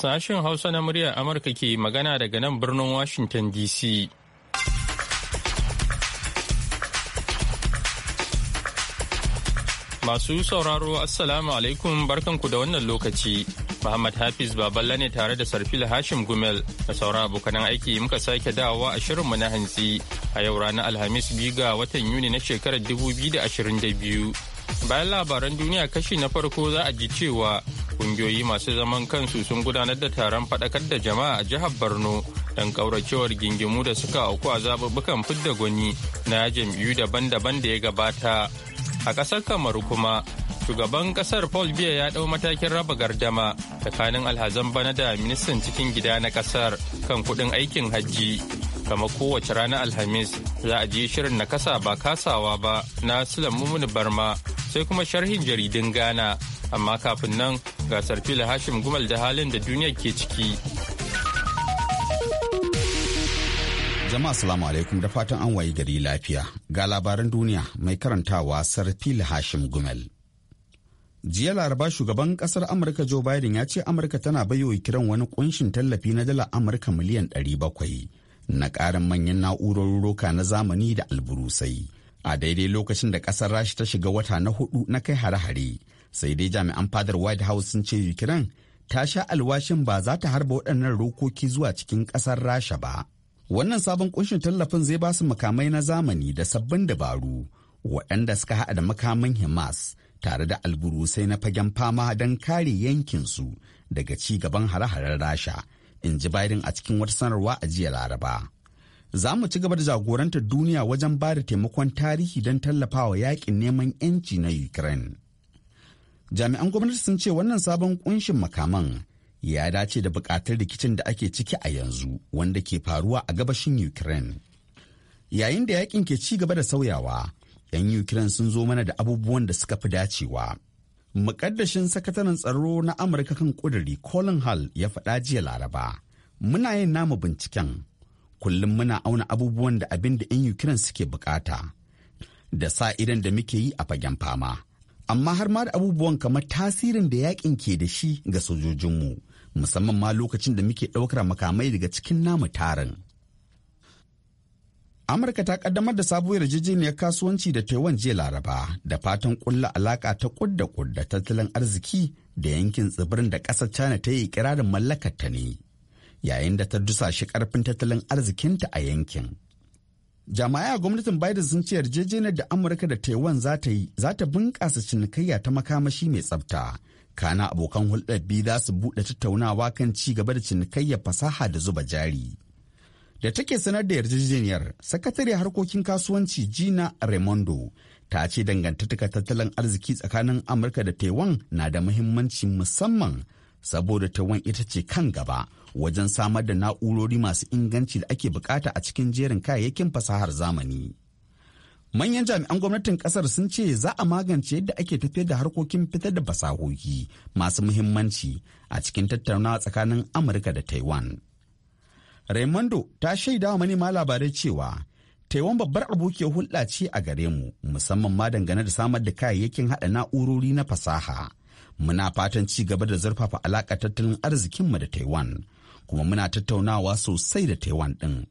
Sashen Hausa na muryar Amurka ke magana daga nan birnin Washington DC. Masu sauraro Assalamu alaikum barkanku da wannan lokaci. Muhammad Hafiz Baballa ne tare da Sarfil Hashim Gumel da sauran abokanan aiki muka sake dawowa a shirinmu na hantsi a yau ranar Alhamis biyu ga watan Yuni na shekarar 2022. Bayan labaran duniya kashi na farko za a ji cewa kungiyoyi masu zaman kansu sun gudanar da taron faɗakar da jama'a a jihar Borno don ƙauracewar gingimu da suka auku a zaɓuɓɓukan fidda gwani na jam'iyyu daban-daban da ya gabata. A ƙasar Kamaru kuma shugaban ƙasar paul biya ya ɗau matakin raba gardama tsakanin alhazan bana da ministan cikin gida na ƙasar kan kuɗin aikin hajji kama kowace ranar alhamis za a ji shirin na kasa ba kasawa ba na sulamun barma sai kuma sharhin jaridin Ghana. Amma kafin nan gasar fila Hashim Gumal da halin da duniya ke ciki. Jama'a salamu alaikum da fatan an wayi gari lafiya. Ga labaran duniya mai karantawa Sarfil Hashim Gumel. Jiya laraba shugaban kasar Amurka Joe Biden ya ce Amurka tana baiwa kiran wani kunshin tallafi na dala Amurka miliyan 700 na ƙarin manyan na'urorin roka na zamani da alburusai. a daidai lokacin da kasar rashi ta shiga wata na hudu na kai hare-hare sai dai jami'an fadar white house sun ce ukraine ta sha alwashin ba za ta harba waɗannan rokoki zuwa cikin ƙasar rasha ba wannan sabon kunshin tallafin zai ba su makamai na zamani da sabbin dabaru waɗanda suka haɗa da makaman himas tare da alburusai na fagen fama don kare yankinsu daga ci gaban hare-haren rasha in ji a cikin wata sanarwa a jiya laraba za mu ci gaba da jagorantar duniya wajen ba da taimakon tarihi don tallafawa yakin neman 'yanci na ukraine jami'an gwamnati sun ce wannan sabon kunshin makaman ya dace da bukatar rikicin da ake ciki a yanzu wanda ke faruwa a gabashin ukraine yayin da yakin ke ci gaba da sauyawa 'yan ukraine sun zo mana da abubuwan da suka fi dacewa mukaddashin sakataren tsaro na amurka kan kudiri colin hall ya faɗa jiya laraba muna yin namu binciken kullum muna auna abubuwan da abin da 'yan Ukraine suke bukata da sa idan da muke yi a fagen fama. Amma har ma da abubuwan kamar tasirin da yakin ke da shi ga sojojinmu, musamman ma lokacin da muke ɗaukar makamai daga cikin namu tarin. Amurka ta kaddamar da sabuwar yarjejeniyar kasuwanci da Taiwan jiya Laraba da fatan kulla alaka ta kudda kudda tattalin arziki da yankin tsibirin da ƙasar China ta yi kirarin mallakar ta ne. yayin da ta dusashe karfin tattalin arzikinta a yankin. Jama'a gwamnatin Biden sun ce yarjejeniyar da Amurka da Taiwan za ta yi za ta bunƙasa cinikayya ta makamashi mai tsafta. Kana abokan hulɗar biyu za su buɗe tattaunawa kan ci gaba da cinikayyar fasaha da zuba jari. Da take sanar da yarjejeniyar, sakatare harkokin kasuwanci Gina Raimondo ta ce dangantaka tattalin arziki tsakanin Amurka da Taiwan na da muhimmanci musamman saboda Taiwan ita ce kan gaba wajen samar da na'urori masu inganci da ake bukata a cikin jerin kayayyakin fasahar zamani. Manyan jami'an gwamnatin kasar sun ce za a magance yadda ake tafiyar da harkokin fitar da fasahohi masu muhimmanci a cikin tattaunawa tsakanin Amurka da Taiwan. Raimondo ta shaida wa manema labarai cewa Taiwan babbar abokiyar hulɗa ce a gare mu musamman ma dangane da samar da kayayyakin haɗa na'urori na fasaha. Muna fatan ci gaba da zurfafa alaƙa tattalin arzikinmu da Taiwan kuma muna tattaunawa sosai da Taiwan ɗin.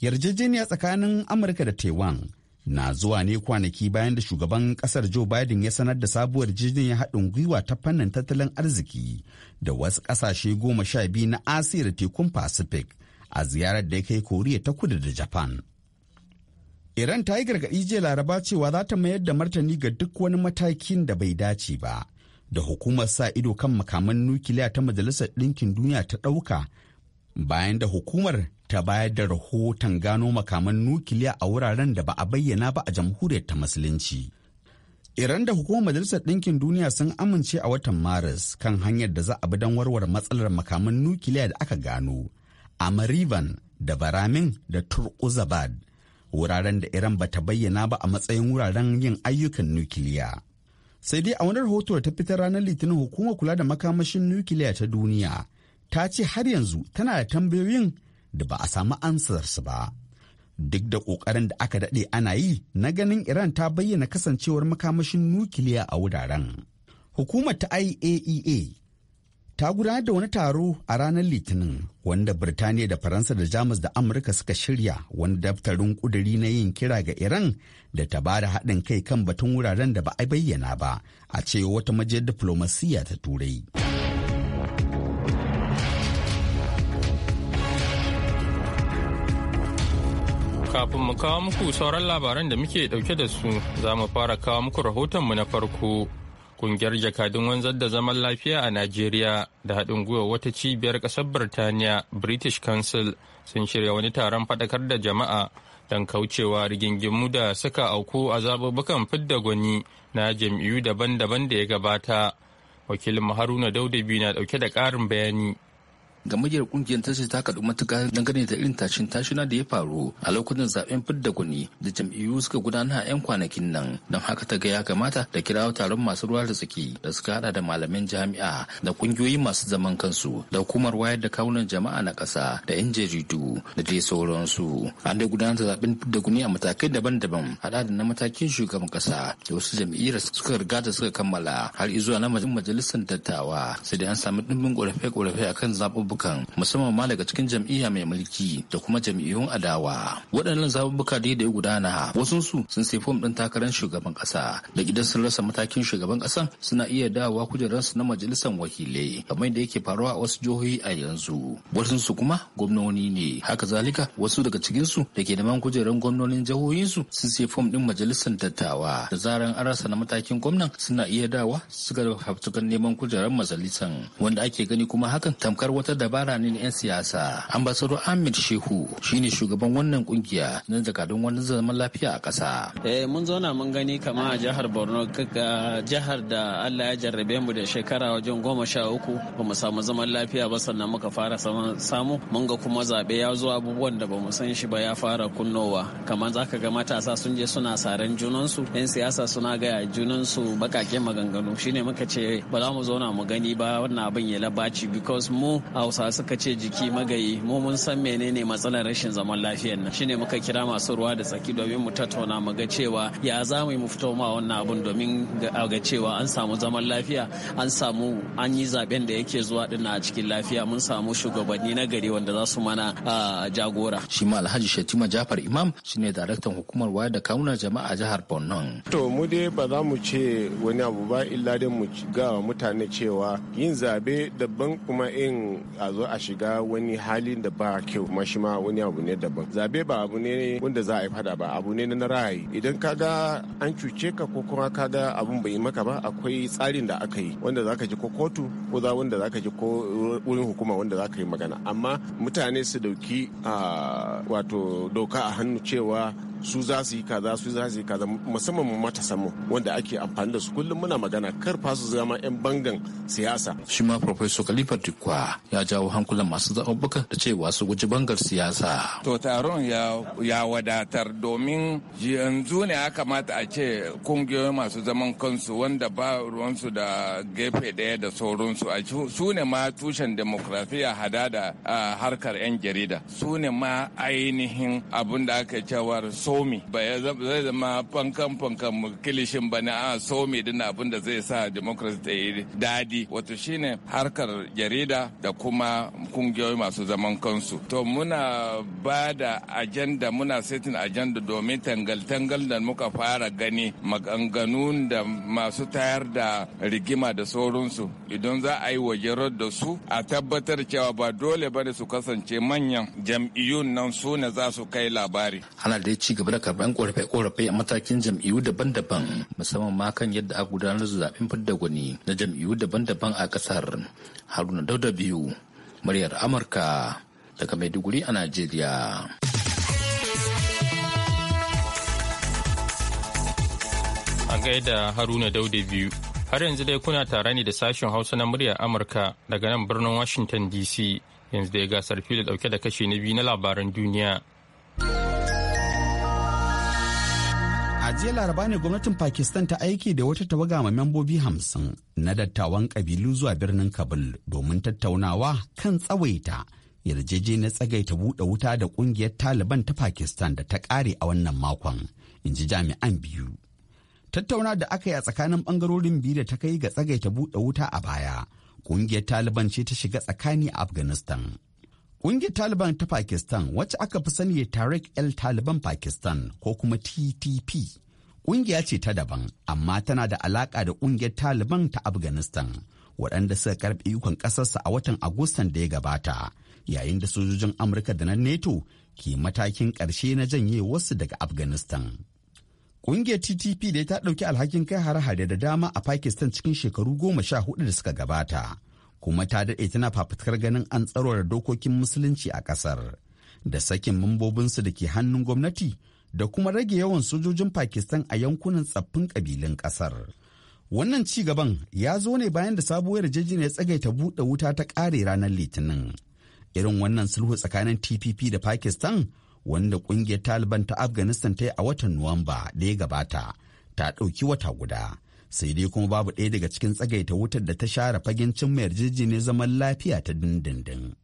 Yarjejeniya tsakanin Amurka da Taiwan na zuwa ne kwanaki bayan da shugaban ƙasar Joe Biden ya sanar da sabuwar jirgin haɗin gwiwa ta fannin tattalin arziki da wasu ƙasashe goma sha biyu na Asiya da tekun Pacific a ziyarar da ya kai Koriya ta kudu da Japan. Iran ta yi gargaɗi jiya laraba cewa za ta mayar da martani ga duk wani matakin da bai dace ba da hukumar sa ido kan makaman nukiliya ta majalisar ɗinkin duniya ta ɗauka bayan da hukumar ta bayar da rahoton gano makaman nukiliya a wuraren da ba a bayyana ba a jamhuriyar ta musulunci. Iran da hukumar majalisar ɗinkin duniya sun amince a watan Maris kan hanyar da za a bi don warware matsalar makaman nukiliya da aka gano a Marivan da Baramin da Turkuzabad wuraren da Iran ba ta bayyana ba a matsayin wuraren yin ayyukan nukiliya. sai dai a wani rahoto da ta fitar ranar litinin hukumar kula da makamashin nukiliya ta duniya ta ce har yanzu tana da tambayoyin da ba a samu ansarsu ba duk da ƙoƙarin da aka daɗe ana yi na ganin iran ta bayyana kasancewar makamashin nukiliya a wuraren hukumar ta iaea e ta gudanar da wani taro a ranar litinin wanda birtaniya da faransa da jamus da amurka suka shirya wani daftarin kuduri na yin kira ga iran da ta ba da haɗin kai kan batun wuraren da ba a bayyana ba a ce wata majiyar diflomasiyya ta turai kafin mu kawo muku sauran labaran da muke dauke da su za mu fara kawo muku rahotonmu na farko Kungiyar jakadun wanzar da zaman lafiya a Najeriya da haɗin gwiwa wata cibiyar ƙasar Birtaniya British Council sun shirya wani taron faɗakar da jama'a don kaucewa rigingimu da suka auku a zaɓuɓɓukan fidda gwani na jam'iyyu daban-daban da ya gabata. Wakilin Haruna Daudabi na ɗauke da ƙarin bayani. ga gamayyar kungiyar ta ta kaɗu matuƙa dangane da irin tashin tashina da ya faru a lokacin zaben fidda gwani da jam'iyyu suka gudana a 'yan kwanakin nan don haka ta ga ya kamata da kirawo taron masu ruwa da tsaki da suka hada da malaman jami'a da kungiyoyi masu zaman kansu da hukumar wayar da kawunan jama'a na ƙasa da 'yan jaridu da dai sauransu an dai gudanar da zaben fidda gwani a matakai daban-daban hada da na matakin shugaban ƙasa da wasu jam'iyyar suka riga da suka kammala har izuwa na majalisar dattawa sai dai an samu ɗimbin ƙorafe-ƙorafe akan zaɓuɓɓuka zaɓuɓɓukan musamman ma daga cikin jam'iyya mai mulki da kuma jam'iyyun adawa waɗannan zaɓuɓɓuka dai da ya gudana su sun sai fom ɗin takarar shugaban ƙasa da idan sun rasa matakin shugaban ƙasan suna iya dawowa kujerarsu na majalisar wakilai kamar da yake faruwa a wasu jihohi a yanzu su kuma gwamnoni ne haka zalika wasu daga cikinsu da ke neman kujerar gwamnonin jihohinsu sun sai fom ɗin majalisar dattawa da zaran an rasa na matakin gwamnan suna iya dawa suka haftukan neman kujerar majalisar wanda ake gani kuma hakan tamkar wata dabara ne na 'yan siyasa ambasado ahmed shehu shine shugaban wannan kungiya na jakadun wani zaman lafiya a kasa. eh mun zauna mun gani kama a jihar borno jihar da allah ya jarrabe mu da shekara wajen goma sha uku ba mu samu zaman lafiya ba sannan muka fara samu mun ga kuma zaɓe ya zo abubuwan da ba mu san shi ba ya fara kunnowa kamar zaka ga matasa sun je suna saran junansu 'yan siyasa suna gaya junansu bakake maganganu shine muka ce ba za mu zauna mu gani ba wannan abin ya labaci because mu a hausa suka ce jiki magayi mu mun san menene matsalar rashin zaman lafiyar nan shine muka kira masu ruwa da tsaki domin mu tattauna mu ga cewa ya za mu fito ma wannan abun domin ga cewa an samu zaman lafiya an samu an yi zaben da yake zuwa din a cikin lafiya mun samu shugabanni na gari wanda za su mana jagora shi ma alhaji shatima jafar imam shine daraktan hukumar wayar da kamuna jama'a jihar borno to mu dai ba za mu ce wani abu ba illa dai mu ga mutane cewa yin zabe daban kuma in a zo a shiga wani halin da ba kyau kuma shi ma wani abu ne daban zabe ba abu ne wanda za a yi fada ba abu ne na ra'ayi idan ka ga an cuce ka ko kuma ka ga abun bai yi maka ba akwai tsarin da aka yi wanda za ka ji ko kotu ko za wanda za ka ji ko wurin hukuma wanda za ka yi magana amma mutane su dauki ah, wato doka a hannu cewa su za su yi kaza su za su yi kaza musamman mu matasan mu wanda ake amfani da su kullum muna magana kar fa su zama yan bangan siyasa shi ma professor Khalifa Dikwa ya jawo hankulan masu zaɓuɓɓuka da cewa su guji bangar siyasa to taron ya ya wadatar domin yanzu ne ya kamata a ce kungiyoyi masu zaman kansu wanda ba ruwansu da gefe ɗaya da sauransu a su ne ma tushen demokrafiya hada da harkar 'yan jarida su ne ma ainihin abin da aka cewar somi ba zai zama fankan fankan kilishin ba na a somi din abin da zai sa democracy ta yi dadi wato shine harkar jarida da kuma kungiyoyi masu zaman kansu to muna ba da ajanda muna setting ajanda domin tangal-tangal da muka fara gani maganganu da masu tayar da rigima da sauransu idan za a yi wajerar da su a tabbatar cewa ba dole ba su kasance manyan jam'iyyun nan su ne za su kai labari. Ana dai ci gaba da karɓar korafe-korafe a matakin jam'iyyu daban-daban musamman ma kan yadda a gudanar da zaɓen fidda gwani na jam'iyyu daban-daban a ƙasar haruna dauda biyu muryar amurka daga maiduguri a najeriya a gaida haruna dauda biyu har yanzu dai kuna tare ne da sashen hausa na muryar amurka daga nan birnin washington dc yanzu dai gasar fili dauke da kashe na biyu na labaran duniya jiya laraba ne gwamnatin pakistan ta aiki da wata tawaga ma membobi hamsin na dattawan kabilu zuwa birnin kabul domin tattaunawa kan tsawaita yarjejeniyar tsagaita buɗe wuta da ƙungiyar taliban ta pakistan da ta kare a wannan makon in ji jami'an biyu tattauna da aka yi a tsakanin ɓangarorin biyu da ta kai ga tsagaita buɗe wuta a baya ƙungiyar taliban ce ta shiga tsakani a afghanistan Ƙungiyar Taliban ta Pakistan wacce aka fi sani da Tariq el Taliban Pakistan ko kuma TTP Ƙungiya ce ta daban, amma tana da alaƙa da ƙungiyar Taliban ta Afghanistan, waɗanda suka karɓi ikon ƙasarsa a watan Agustan da ya gabata, yayin da sojojin Amurka da na NATO ke matakin ƙarshe na janye wasu daga Afghanistan. Ƙungiyar TTP da ta ɗauki alhakin kai hare-hare da dama a Pakistan cikin shekaru goma sha hudu da suka gabata, kuma ta daɗe tana fafutukar ganin an tsaro da dokokin musulunci a ƙasar, da sakin mambobinsu da ke hannun gwamnati da kuma rage yawan sojojin Pakistan a yankunan tsaffin kabilun kasar. Wannan ci gaban ya zo ne bayan da sabuwar ya tsagaita buɗe wuta ta ƙare ranar Litinin. Irin wannan sulhu tsakanin TPP da Pakistan wanda ƙungiyar Taliban ta Afghanistan ta yi a watan Nuwamba da ya gabata ta ɗauki wata guda. Sai dai kuma babu ɗaya daga cikin tsagaita wutar da ta share fagen cimma yarjejeniyar zaman lafiya ta dindindin.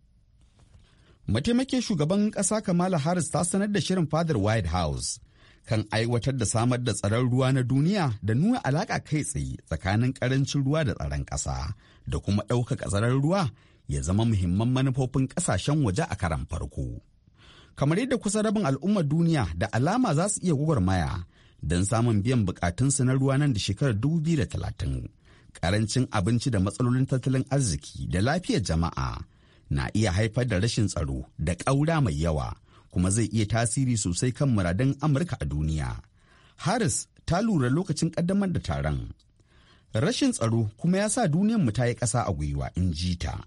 mataimakin shugaban ƙasa kamala harris ta sanar da shirin fadar white house kan aiwatar da samar da tsaron ruwa na duniya da nuna alaƙa kai tsaye tsakanin ƙarancin ruwa da tsaron ƙasa da kuma ɗaukaka tsaron ruwa ya zama muhimman manufofin ƙasashen waje a karan farko kamar yadda kusa rabin al'ummar duniya da alama za su iya gwagwarmaya don samun biyan bukatunsu na ruwa nan da shekarar 2030 karancin abinci da matsalolin tattalin arziki da lafiyar jama'a na iya haifar da rashin tsaro da ƙaura mai yawa kuma zai iya tasiri sosai kan muradun amurka a duniya harris ta lura lokacin ƙaddamar da taron rashin tsaro kuma ya sa mu ta yi ƙasa a gwiwa in ji ta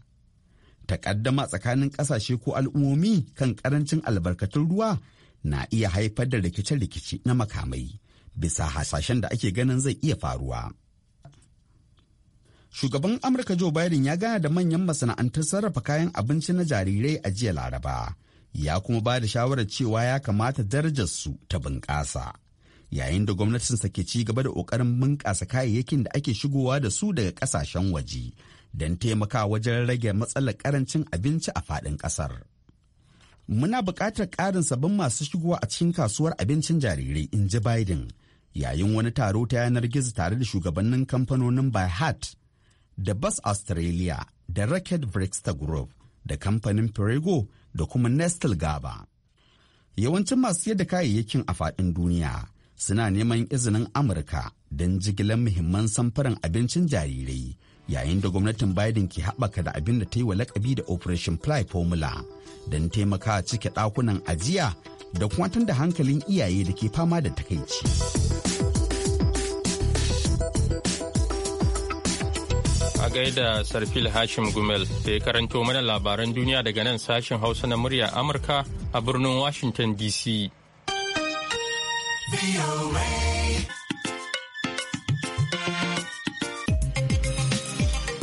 taƙaddama tsakanin ƙasashe ko al'ummomi kan ƙarancin albarkatun ruwa na iya haifar da rikice-rikice na makamai bisa hasashen da ake ganin zai iya faruwa. shugaban amurka joe biden ya gana da manyan masana'antar sarrafa kayan abinci na jarirai a jiya laraba ya kuma ba da shawarar cewa ya kamata darajarsu ta bunƙasa yayin da gwamnatinsa ke ci gaba da ƙoƙarin bunƙasa kayayyakin da ake shigowa da su daga ƙasashen waje don taimaka wajen rage matsalar ƙarancin abinci a faɗin ƙasar. Muna buƙatar ƙarin sabbin masu shigowa a cikin kasuwar abincin jarirai, in ji Biden, yayin wani taro ta yanar gizo tare da shugabannin kamfanonin By Heart da Bus Australia da Racket Brixter Group da kamfanin Perego da kuma Nestle Gaba. Yawancin masu yadda kayayyakin a faɗin duniya suna neman izinin Amurka don jigilar muhimman samfuran abincin jarirai yayin da gwamnatin Biden ke haɓaka da abin da ta yi wa lakabi da Operation Fly Formula don taimaka cike ɗakunan ajiya da kuma da hankalin iyaye da ke fama da takaici. gaida Sarfil Hashim Gumel da ya karanto mana labaran duniya daga nan sashen Hausa na murya Amurka a birnin Washington DC.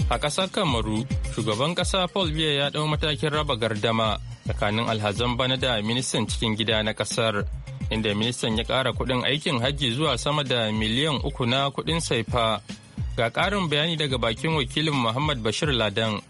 A ƙasar Kamaru, shugaban ƙasa Paul Biya ya ɗau matakin raba gardama tsakanin alhazan bana da ministan cikin gida na ƙasar, inda ministan ya ƙara kuɗin aikin hajji zuwa sama da miliyan uku na kuɗin saifa. Ga ƙarin bayani daga bakin wakilin Muhammad Bashir Ladan.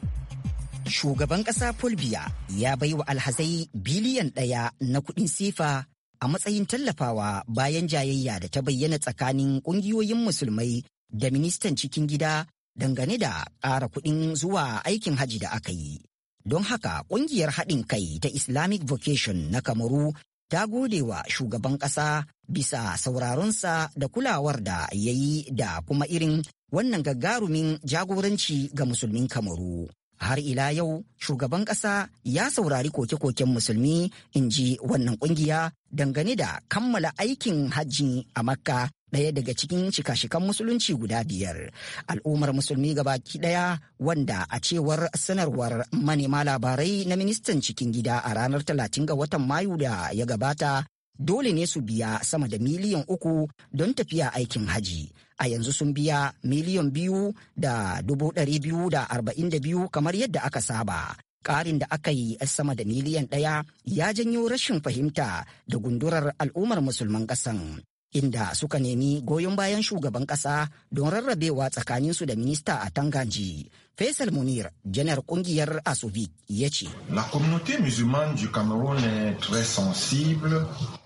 Shugaban ƙasa Fulbiya ya bai wa alhazai biliyan ɗaya na kuɗin sifa a matsayin tallafawa bayan jayayya da ta bayyana tsakanin ƙungiyoyin musulmai da ministan cikin gida dangane da ƙara kuɗin zuwa aikin haji da aka yi. Don haka ƙungiyar haɗin kai ta Islamic Vocation na Kamaru ta gode wa shugaban ƙasa bisa sauraronsa da kulawar da ya yi da kuma irin wannan gagarumin jagoranci ga musulmin kamaru. har ila yau shugaban ƙasa ya saurari koke-koken musulmi in ji wannan ƙungiya dangane da kammala aikin hajji a makka ɗaya daga cikin shika-shikan musulunci guda biyar al'ummar musulmi gabaki ɗaya wanda a cewar sanarwar manema labarai na ministan cikin gida a ranar 30 ga watan mayu da ya gabata dole ne su biya sama da miliyan uku don tafiya aikin haji a yanzu sun biya miliyan biyu da dubu ɗari biyu da arba'in da biyu kamar yadda aka saba ƙarin da aka yi sama da miliyan ɗaya ya janyo rashin fahimta da gundurar al'ummar musulman ƙasan inda suka nemi goyon bayan shugaban kasa don rarrabewa tsakaninsu da minista a Tanganji. Faisal Munir, janar kungiyar asubi ya ce.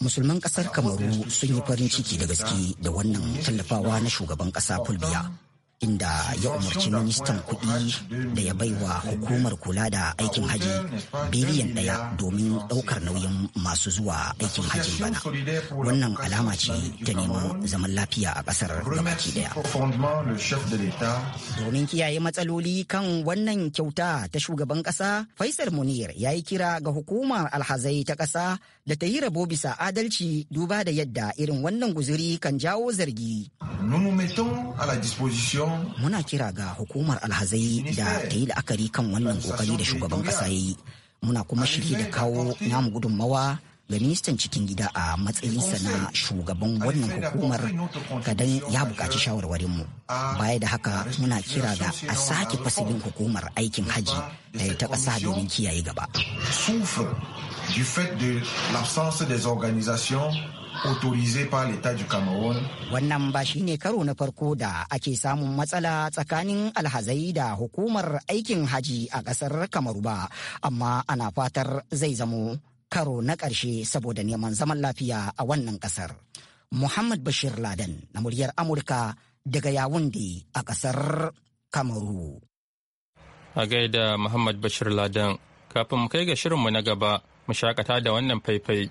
Musulman ƙasar Kamaru sun yi farin ciki da gaske da wannan tallafawa na shugaban ƙasa Fulbiya. inda ya umarci ministan kuɗi da ya bai wa hukumar kula da aikin haji biliyan ɗaya domin ɗaukar nauyin masu zuwa aikin hajin bana wannan alama ce ta neman zaman lafiya a ƙasar gabaki ɗaya domin kiyaye matsaloli kan wannan kyauta ta shugaban ƙasa faisal munir ya yi kira ga hukumar alhazai ta ƙasa da ta yi rabo bisa adalci duba da yadda irin wannan guzuri kan jawo zargi Nous disposition Muna kira ga hukumar alhazai da ta yi la'akari kan wannan kokari da shugaban ƙasa ya yi. Muna kuma shirye da kawo namu gudunmawa ga ministan cikin gida a matsayinsa na shugaban wannan hukumar kadan ya buƙaci shawarwarinmu baya da haka muna kira da a sake fasilin hukumar aikin haji ta ƙasa domin kiyaye gaba. autorisé par l'état du Cameroun. Wannan ba shi ne karo na farko da ake samun matsala tsakanin alhazai da hukumar aikin haji a ƙasar Kamaru ba, amma ana fatar zai zamo karo na ƙarshe saboda neman zaman lafiya a wannan ƙasar. Muhammad Bashir Laden na muryar Amurka daga yawundi a ƙasar Kamaru. A gaida Muhammad Bashir Laden, kafin mu kai ga shirinmu na gaba, mu shakata da wannan faifai.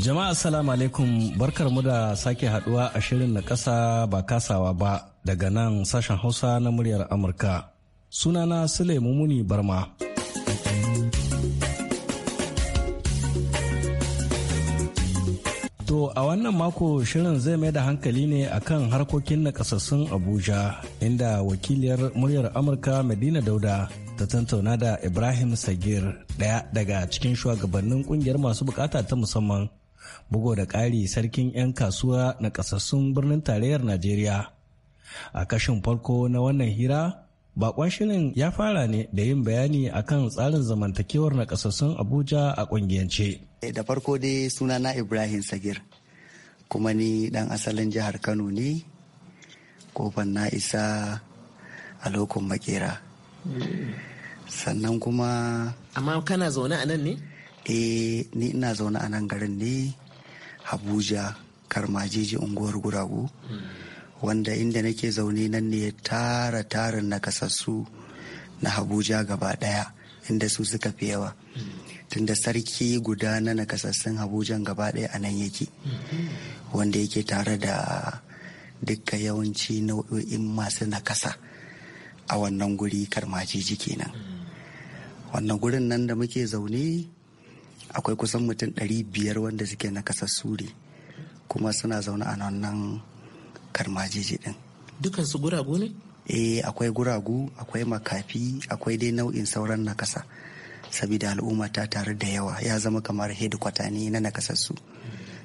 Jama'a salamu alaikum barkar mu da sake haduwa a shirin na kasa ba kasawa ba daga nan sashen hausa na muryar Amurka. Sunana Suleiman Muni Barma. To a wannan mako shirin zai mai da hankali ne akan harkokin naƙasassun Abuja inda wakiliyar muryar Amurka Madina Dauda ta tantauna da Ibrahim Sagir ɗaya daga cikin shugabannin kungiyar masu bukata ta musamman bugo da ƙari sarkin 'yan kasuwa na ƙasassun birnin tarayyar Najeriya. A kashin farko na wannan hira, bakon shirin ya fara ne da yin bayani a kan tsarin zamantakewar na ƙasassun Abuja a ƙungiyance. Eh, da farko dai suna na Ibrahim Sagir, kuma ni ɗan asalin jihar Kano ne, kofan na isa a lokacin makera. sannan kuma amma kana zaune a nan ne eh ni ina zaune a nan garin ne abuja karmajeji unguwar guragu wanda inda nake zaune nan ne tara tarin nakasassu na abuja gaba daya inda su suka fi yawa tunda sarki guda na nakasassun abujan gaba daya a nan yake wanda yake tare da dukka yawanci nau'o'in masu nakasa a wannan guri karmajiji kenan wannan gurin nan da muke zaune akwai kusan mutum ɗari biyar wanda suke na kasar suri kuma suna zaune a wannan karmajiji din dukan guragu ne eh akwai guragu akwai makafi akwai dai nau'in sauran na kasa sabida al'umma ta taru da yawa ya zama kamar hedikwata ne na nakasassu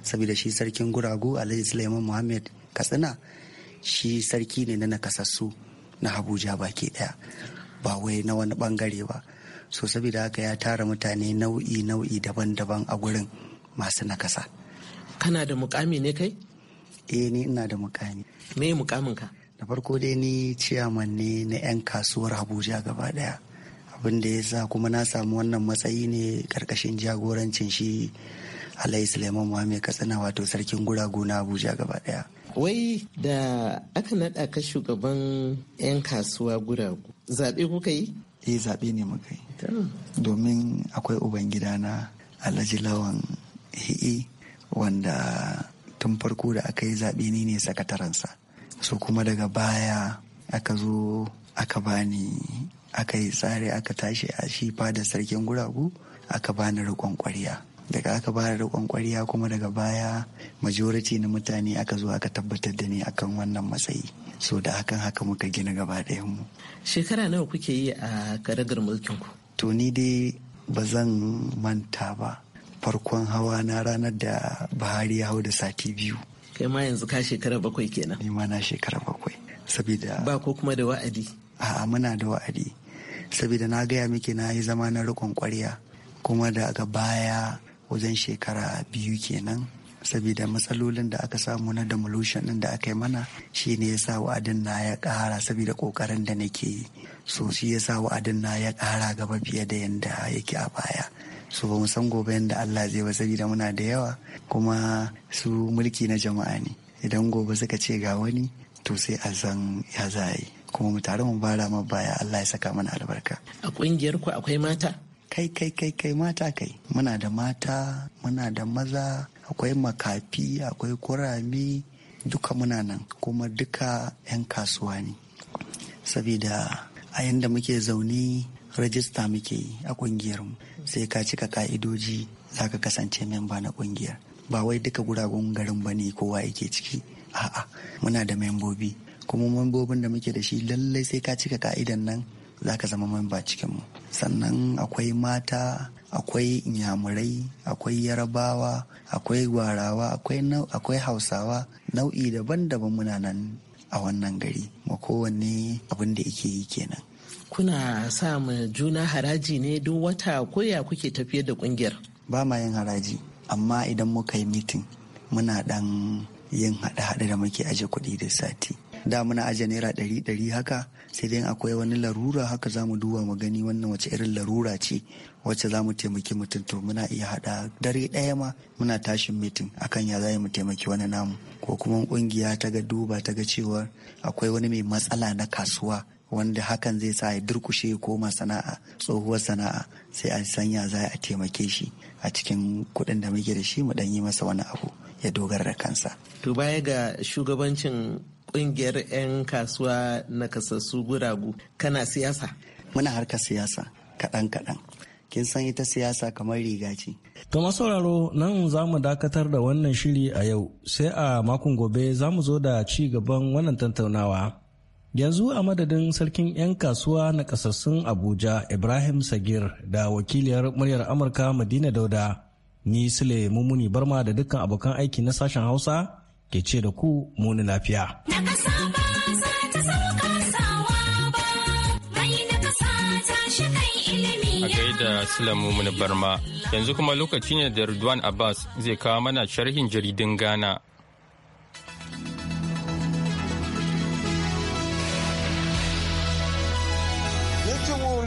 sabida shi sarkin guragu alhaji Sulaiman muhammad katsina shi sarki ne na nakasassu na abuja baki daya ba wai na wani bangare ba so saboda haka ya tara mutane nau'i nau'i daban-daban a gurin masu nakasa kana da mukami ne kai eh ni ina da mukami me mukamin ka da farko dai ni ciyaman ne na 'yan kasuwar abuja gaba daya abin da ya sa kuma na samu wannan matsayi ne karkashin jagorancin shi alayhi suleiman muhammed katsina wato sarkin guragu na abuja gaba daya wai da aka naɗa ka shugaban 'yan kasuwa guragu zaɓe kuka yi? eh zaɓe ne muka yi domin akwai ubangida na alhaji lawan hi'i wanda tun farko da aka yi zaɓe ni ne sakatarensa so kuma daga baya aka zo aka bani aka yi tsari aka tashi a shi da sarkin guragu aka bani riƙon ƙwarya daga aka bada rikon kwariya kuma daga baya majority na mutane aka zo aka tabbatar da ni akan wannan matsayi so da hakan haka muka gina gaba mu. shekara nawa kuke yi a karagar mulkin ku to ni dai ba zan manta ba farkon hawa na ranar da buhari ya hau da sati biyu kai ma yanzu ka shekara bakwai kenan ni ma na shekara bakwai saboda ba ko kuma da wa'adi a'a muna da wa'adi saboda na gaya miki na yi zama na rikon kwarya kuma daga baya wajen shekara biyu kenan sabida matsalolin da aka samu na demolition din da aka yi mana shi ne ya sa wa'adin na ya ƙara saboda ƙoƙarin da nake yi so shi ya sa wa'adin na ya ƙara gaba fiye da yadda yake a baya so ba mu san gobe yadda Allah zai ba sabida muna da yawa kuma su mulki na jama'a ne idan gobe suka ce ga wani to sai a san ya za yi kuma mu tare mu bara ma baya Allah ya saka mana albarka a ƙungiyar ku akwai mata kai kai kai kai mata kai muna da mata muna da maza akwai makafi akwai kurami duka muna nan kuma duka 'yan kasuwa ne saboda a yadda muke zaune rajista muke yi a ƙungiyarmu sai ka cika ka'idoji za ka kasance memba na ƙungiyar ba wai duka guragun garin ba ne kowa yake ciki a'a muna da membobi kuma membobin da muke da shi lallai sai ka cika ka'idan nan za ka zama memba cikinmu sannan akwai mata akwai inyamurai akwai yarabawa akwai gwarawa akwai hausawa nau'i daban-daban muna nan a wannan gari ma kowanne abin da yake yi kenan kuna sa ma juna haraji ne duk wata koya kuke tafiyar da kungiyar ba ma yin haraji amma idan muka yi mitin muna dan yin haɗe-haɗe da muke aje kuɗi da sati da muna aje naira ɗari ɗari haka sai dai akwai wani larura haka za mu duba mu gani wannan wace irin larura ce wacce za mu taimaki mutum to muna iya haɗa dare ɗaya ma muna tashin mitin akan ya za mu taimaki wani namu ko kuma kungiya ta ga duba ta ga cewa akwai wani mai matsala na kasuwa wanda hakan zai sa ya durkushe ya koma sana'a tsohuwar sana'a sai a sanya za a taimake shi a cikin kuɗin da muke da shi mu ɗan yi masa wani abu ya dogara da kansa. To baya ga shugabancin kungiyar 'yan kasuwa na kasassu guragu kana siyasa muna harkar siyasa kaɗan kaɗan kin san ita siyasa kamar riga ce to sauraro nan za mu dakatar da wannan shiri a yau sai a makon gobe za mu zo da ci gaban wannan tattaunawa yanzu a madadin sarkin 'yan kasuwa na kasassun abuja ibrahim sagir da wakiliyar muryar amurka madina dauda ni sule mummuni barma da dukkan abokan aiki na sashen hausa ke ce da ku muni lafiya. A gaida Barma, yanzu kuma lokaci ne da Ridwan Abbas zai kawo mana sharhin jaridin Ghana.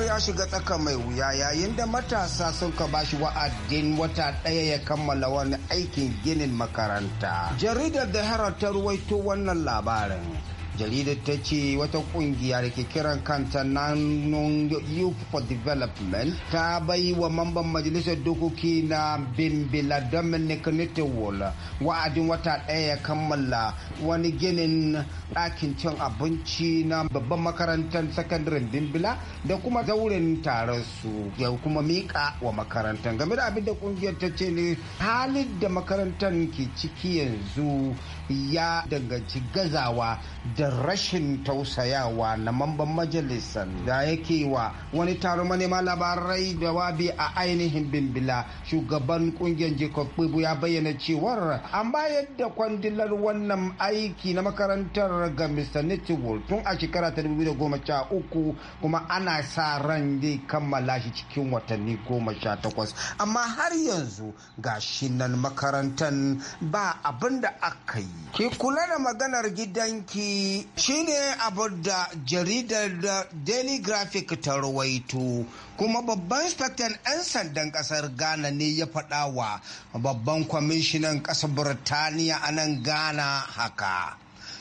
ya shiga tsaka mai wuya yayin da matasa sun ka bashi wa'adin wata ɗaya ya kammala wani aikin ginin makaranta. Jaridar da Herald ta ruwaito wannan labarin. jaridar ta ce wata kungiya da ke kiran kanta nanon youth for development ta bai wa mamban majalisar dokoki na bimbila dominic nittowol wa'adin wata ɗaya ya kammala wani ginin ɗakin cin abinci na babban makarantar sakandaren bimbila da kuma zaurin taron su ya kuma miƙa wa makarantar game da abin da kungiyar ta ce ne halin da makarantar ke ciki yanzu ya danganci gazawa da da rashin tausayawa na mamban majalisar da yake wa wani taron manema labarai da wabi a ainihin bimbila shugaban kungiyar jacob bibu ya bayyana cewar an bayar da kwandilar wannan aiki na makarantar ga mr nitiwol tun a shekara ta uku kuma ana sa ran zai kammala shi cikin watanni goma sha takwas amma har yanzu ga shi nan makarantar ba abin da aka yi ki kula da maganar gidanki shine abin da jaridar da daily graphic ta rawaito kuma babban inspector 'yan sandan kasar ghana ne ya faɗawa babban kwamishinan ƙasar burtaniya a nan ghana haka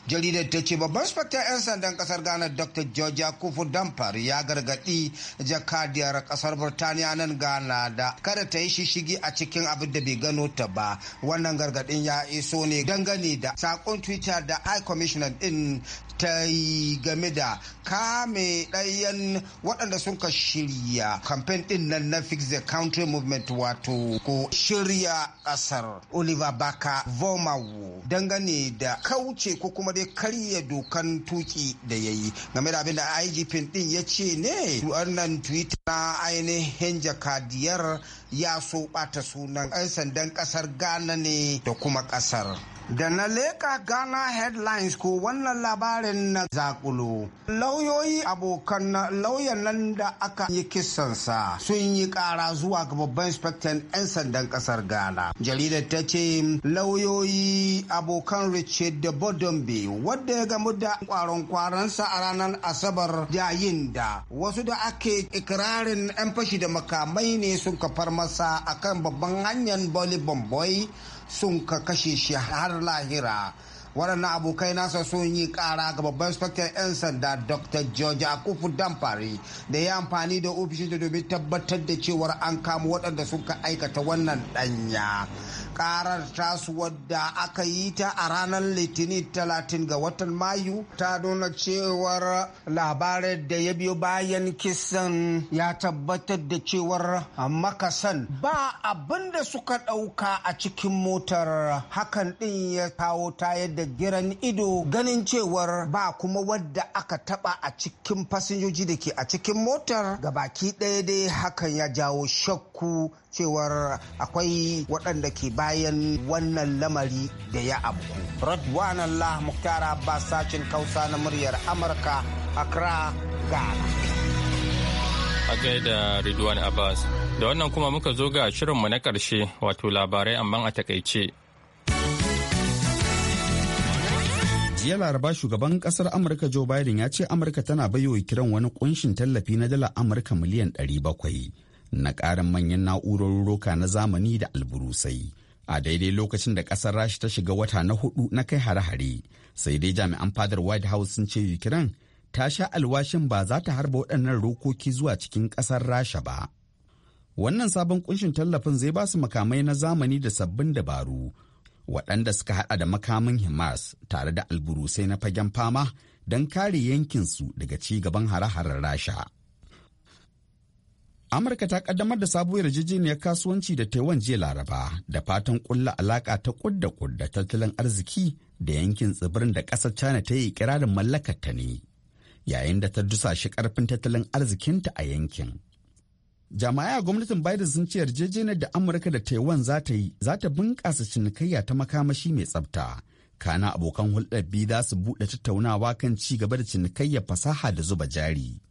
jaridar ta ce babban spectar 'yan sandan kasar ghana dr georgia kufu damfar ya gargadi jakadiyar kasar Burtaniya nan ghana da kada ta yi shishigi a cikin abin da bai gano ta ba wannan gargadin ya iso ne dangane da sakon twitter da high commissioner din ta yi game da kame ɗayan waɗanda sun ka shirya kamfen ɗin nan na fix the country movement wato ko shirya ƙasar oliver baka vomawo dangane da kauce ko kuma dai karya dokan tuki da ya yi game da abin da igp ɗin ya ce ne wannan twitter na ainihin jakadiyar ya so ɓata sunan 'yan sandan ƙasar ghana ne da kuma ƙasar Da na leka Ghana headlines ko wannan labarin na zakulo. Lauyoyi abokan lauyan nan da aka yi kisansa sun yi ƙara zuwa ga babban inspector 'yan sandan ƙasar Ghana. Jaridar ta ce lauyoyi abokan Richard da Bodombe wadda ya gamu da kwaron kwaransa a ranar Asabar yayin da wasu da ake ikirarin 'yan fashi da makamai ne sun kafar masa akan babban hanyar Bolly Bomboy sun ka kashe shi har lahira waɗannan abokai nasa sun yi ƙara ga babban inspector 'yan sanda dr george akufu damfari da ya amfani da ofishin da domin tabbatar da cewar an kama waɗanda suka aikata wannan ɗanya karar tasu wadda aka yi ta a ranar litinin Talatin ga watan mayu ta nuna cewar labarin da ya biyo bayan kisan ya tabbatar da cewar makasan ba abin da suka ɗauka a cikin motar hakan ɗin ya kawo ta yadda giran ido ganin cewar ba kuma wadda aka taɓa a cikin fasinjoji da ke a cikin motar ga baki ɗaya dai hakan ya jawo shakku cewar akwai waɗanda ke bayan wannan lamari da ya abku. Radwan Allah Muktar Abbas sashin kausa na muryar Amurka Accra, Ghana. A gaida Ridwan Abbas, da wannan kuma muka zo ga shirinmu na ƙarshe wato labarai amma a takaice. jiya laraba shugaban kasar amurka joe biden ya ce amurka tana baiwa kiran wani kunshin tallafi na dala amurka miliyan 700 na ƙarin manyan na'urorin roka na zamani da alburusai a daidai lokacin da ƙasar rashi ta shiga wata na hudu na kai hare-hare sai dai jami'an fadar white house sun ce ukraine ta sha alwashin ba za ta harba waɗannan rokoki zuwa cikin ƙasar rasha ba wannan sabon kunshin tallafin zai ba su makamai na zamani da sabbin dabaru waɗanda suka haɗa da makamin himas tare da alburusai na fagen fama don kare yankinsu daga ci gaban hare-haren rasha Amurka ta kaddamar da sabuwar yarjejeniyar kasuwanci da Taiwan jiya Laraba da fatan kulla alaka ta kudda kudda tattalin arziki da yankin tsibirin da ƙasar China ta yi kirarin mallakar ta ne, yayin da ta dusa shi karfin tattalin arzikinta a yankin. Jama'a gwamnatin Biden sun ce yarjejeniyar da Amurka da Taiwan za ta yi za ta bunƙasa cinikayya ta makamashi mai tsafta. Kana abokan hulɗar biyu za su buɗe tattaunawa kan ci gaba da cinikayyar fasaha da zuba jari.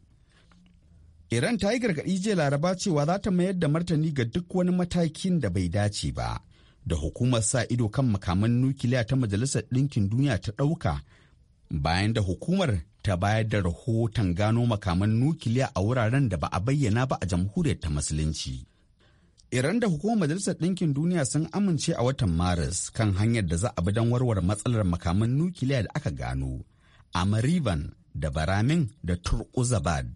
Iran ta yi gargaɗi jiya laraba cewa za ta mayar da martani ga duk wani matakin da bai dace ba da hukumar sa ido kan makaman nukiliya ta majalisar ɗinkin duniya ta ɗauka bayan da hukumar ta bayar da rahoton gano makaman nukiliya a wuraren da ba a bayyana ba a jamhuriyar ta musulunci. Iran da hukumar majalisar ɗinkin duniya sun amince a watan Maris kan hanyar da za a bi don warware matsalar makaman nukiliya da aka gano a Mariban da Baramin da Turkuzabad.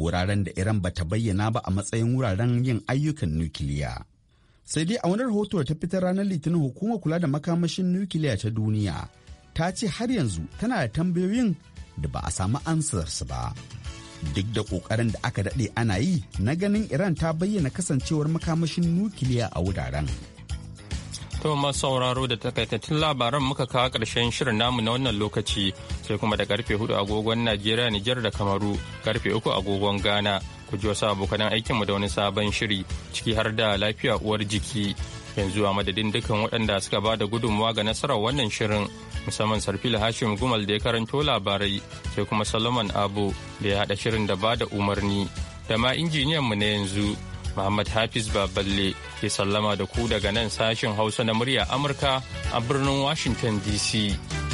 wuraren da Iran ba ta bayyana ba a matsayin wuraren yin ayyukan nukiliya. Sai dai a wani rahoto da ta fitar ranar Litinin hukumar kula da makamashin nukiliya ta duniya ta ce har yanzu tana da tambayoyin da ba a samu ansarsu ba. Duk da ƙoƙarin da aka daɗe ana yi na ganin Iran ta bayyana kasancewar makamashin nukiliya a wuraren To masu sauraro da takaitattun labaran muka kawo ƙarshen shirin namu na wannan lokaci sai kuma da karfe hudu agogon Najeriya Nijar da Kamaru karfe uku agogon Ghana ku ji wasu abokanan aikinmu da wani sabon shiri ciki har da lafiya uwar jiki yanzu a madadin dukkan waɗanda suka ba da gudunmawa ga nasarar wannan shirin musamman sarfila hashim gumal da ya karanto labarai sai kuma solomon abu da ya haɗa shirin da ba da umarni da ma injiniyanmu na yanzu Muhammad Hafiz Baballe ke sallama da ku daga nan sashin Hausa na murya Amurka a birnin Washington DC.